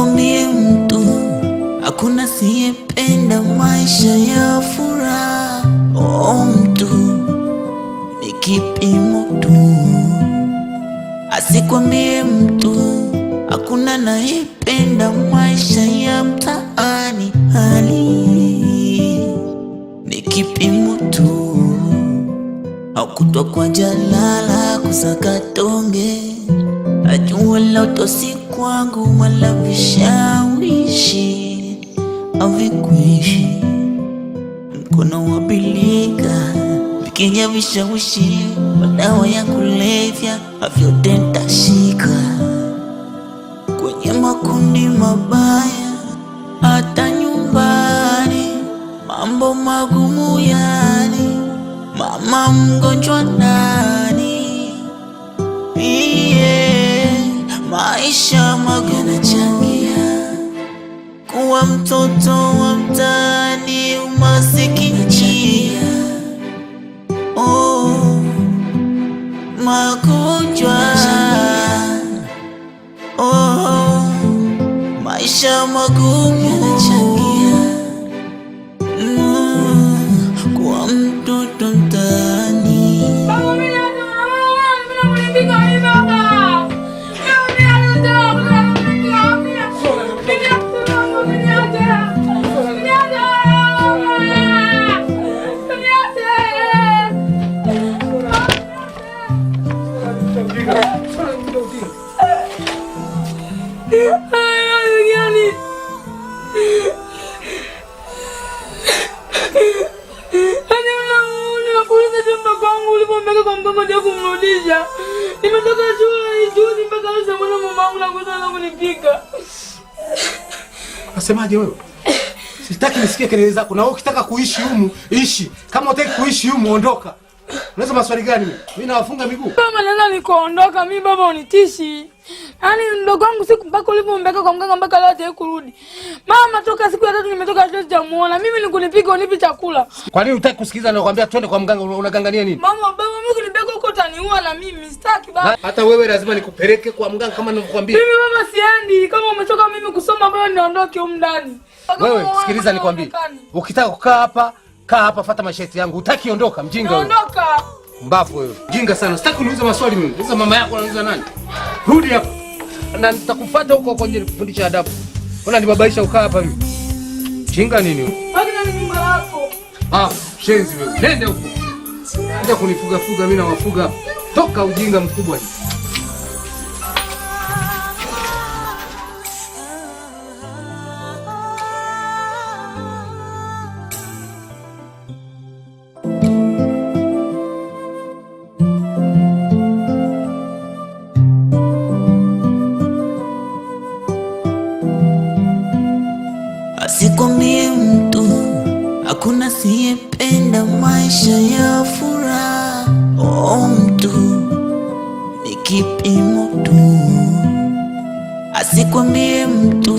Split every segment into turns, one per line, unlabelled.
yako mtu, hakuna siyependa maisha ya furaha. Oh, mtu ni kipimo tu, asikwambie mtu, hakuna nayependa maisha ya mtaani. Hali ni kipimo tu, haukutwa kwa jalala kusaka tonge, ajua la utosi kwangu wala vishawishi avikuishi, mkono wa bilika vikenya vishawishi, madawa ya kulevya avyote kwenye makundi mabaya, hata nyumbani mambo magumu, yani mama mgonjwa nani mtoto wa mtaani, umasikini, oh, magonjwa, oh, maisha magumu
Yaani Unafuliza kwa mganga ja kumrudisha. Nimetoka shule juzi mpaka sasa mwana mamangu na kunipika.
Nasemaje wewe? Sitaki nisikie kelele zako na wewe ukitaka kuishi humu, ishi. Kama hutaki kuishi humu ondoka. Unaweza maswali gani? Mimi nawafunga miguu.
Mama naweza nikuondoka mimi baba unitishi. Yaani ndogo wangu siku mpaka ulivyombeka kwa mganga mpaka leo hata kurudi. Mama toka siku ya tatu nimetoka shule sijamuona. Mimi nikunipiga unipi chakula.
Kwa nini unataka kusikiliza na kwambia twende kwa mganga unagangania
nini? Mama baba mimi kunibeka huko utaniua na mimi sitaki baba.
Hata wewe lazima nikupeleke kwa mganga kama nilivyokuambia.
Mimi mama siendi kama umechoka mimi kusoma baba niondoke huko ndani.
Wewe sikiliza nikwambie. Ukitaka kukaa hapa Kaa hapa, fata mashati yangu. Utaki ondoka, mjinga wewe. Ondoka. Mbavu wewe. Mjinga sana. Sitaki kuniuliza maswali mimi. Uliza mama yako anauliza nani? Rudi hapa. Na nitakufuata huko kwenye kipindi cha adabu. Unanibabaisha ukaa hapa mimi. Mjinga nini wewe?
Baki na mimi yako.
Ah, shenzi wewe. Nenda huko. Nenda kunifuga fuga mimi na wafuga. Toka ujinga mkubwa.
yako mtu, hakuna siyependa maisha ya furaha. Oh, mtu ni kipimo tu, asikwambie mtu,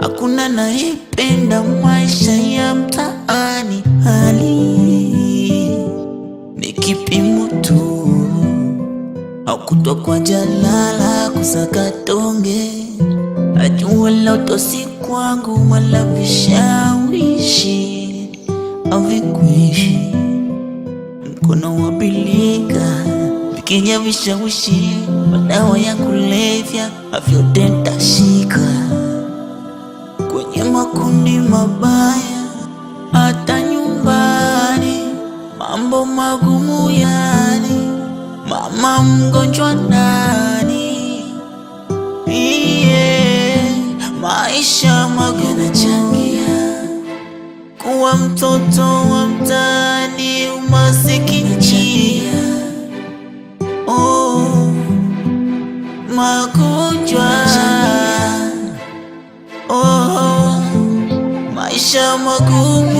hakuna nayependa maisha ya mtaani. Hali ni kipimo tu, Hakutwa kwa jalala kusaka tonge Najua ndoto si kwangu wala vishawishi avikuishi mkono wabilika vikenya vishawishi, madawa ya kulevya avyote ntashika kwenye makundi mabaya, hata nyumbani mambo magumu, yani mama mgonjwa ndani maisha mwaga yanachangia kuwa mtoto wa mtaani, umasikini, oh, magonjwa, oh, maisha magumu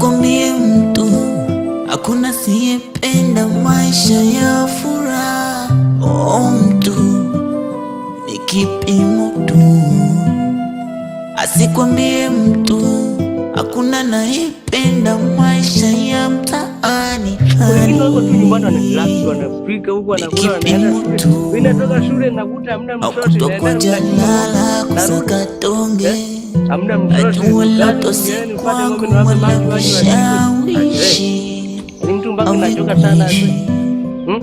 Yuko mie mtu hakuna siyependa maisha ya furaha. O oh, mtu ni kipimo tu, asikwambie mtu hakuna naipenda maisha ya mtaani.
Akutwa kwa jalala
kusaka tonge
hamna ni mtu mpaka nachoka sana hmm?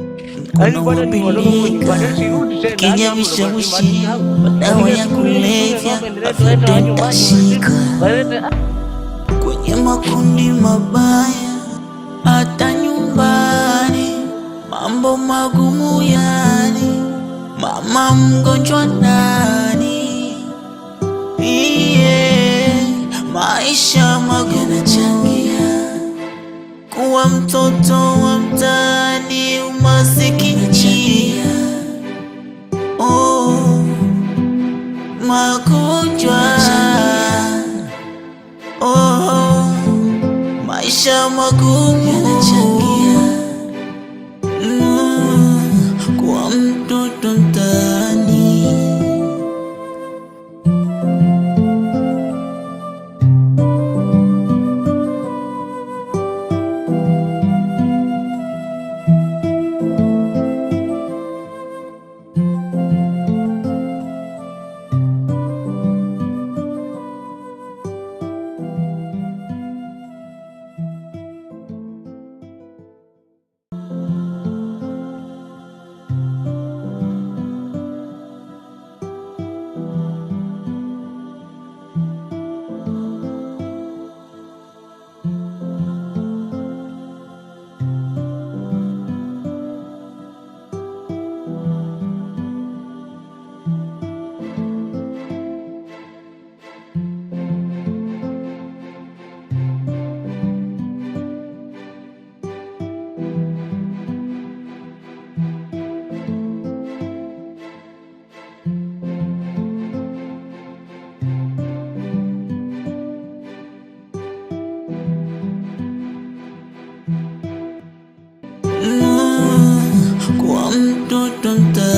kinyamshawishi yaani yaani yaani
madawa ya kulevya atatashika kwenye makundi mabaya, hata nyumbani mambo magumu, yani mama mgonjwa na mtoto wa mtaani, umasikini, oh, magonjwa, oh, maisha magumu Don't tonta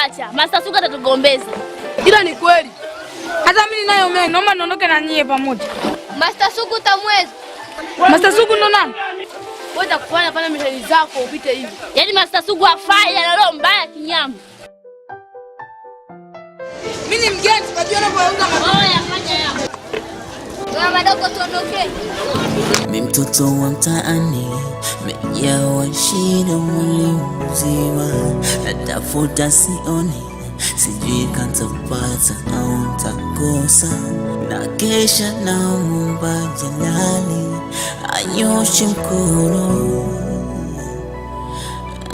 kuacha. Master Suga atatugombeza.
Ila ni kweli. Hata mimi nayo mengi. naomba niondoke na nyie pamoja.
Master Sugu utamweza.
Master Sugu ndo nani?
Wewe utakufanya pale mishani zako upite hivi. Yaani Master Sugu afai ana roho mbaya kinyama.
Mimi ni mgeni, unajua unavyouza
mambo. Oh, yafanya yao.
Mi mtoto wa mtaani mejawa shida mwili mzima, natafuta sioni, sijui kantapata au ntakosa, na kesha Jalali anyoshe mkono,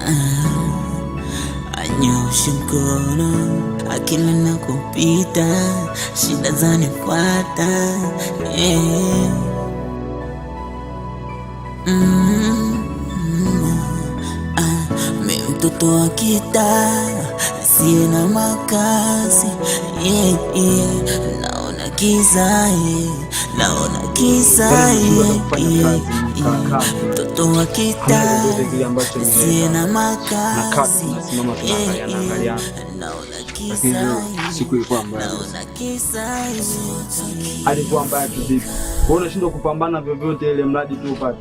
ah, anyoshe mkono akili na kupita shida zanifuata yeah. mtoto mm-hmm. ah, wa kita asiye na makazi yeah, yeah. naona kiza yeah. Naona kisa
mtoto wa kitaa asiye na makazi, naona lakini hiyo siku ilikuwa mbaya, alikuwa mbaya kivipi? Wewe unashindwa kupambana vyovyote ile, mradi tu upate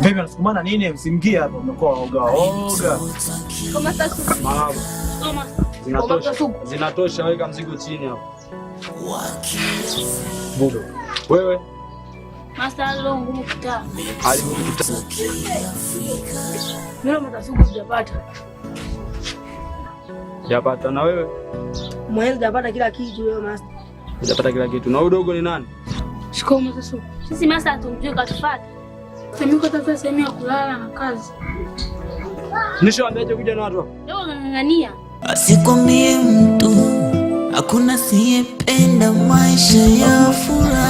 Vipi anasukumana nini? Msimgie hapa, umekuwa waoga waoga. Zinatosha, weka mzigo chini hapo. Wewe Master Japata na wewe?
Mwenzi japata kila kitu wewe master.
Japata kila kitu. Na udogo ni nani?
Shikao Sisi master katufuata. sehemu ya kulala na kazi.
Nishawaambiaje kuja na watu?
unang'ang'ania.
mtu hakuna siyependa maisha ya furaha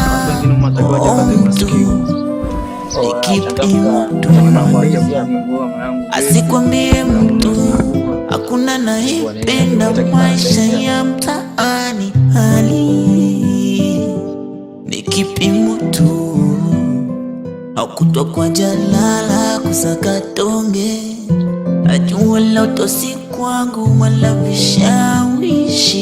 asikwambie mtu, hakuna naipenda maisha ya mtaani, hali
ni kipimo tu, haukutwa kwa jalala kusaka tonge, najua loto kwangu wala vishawishi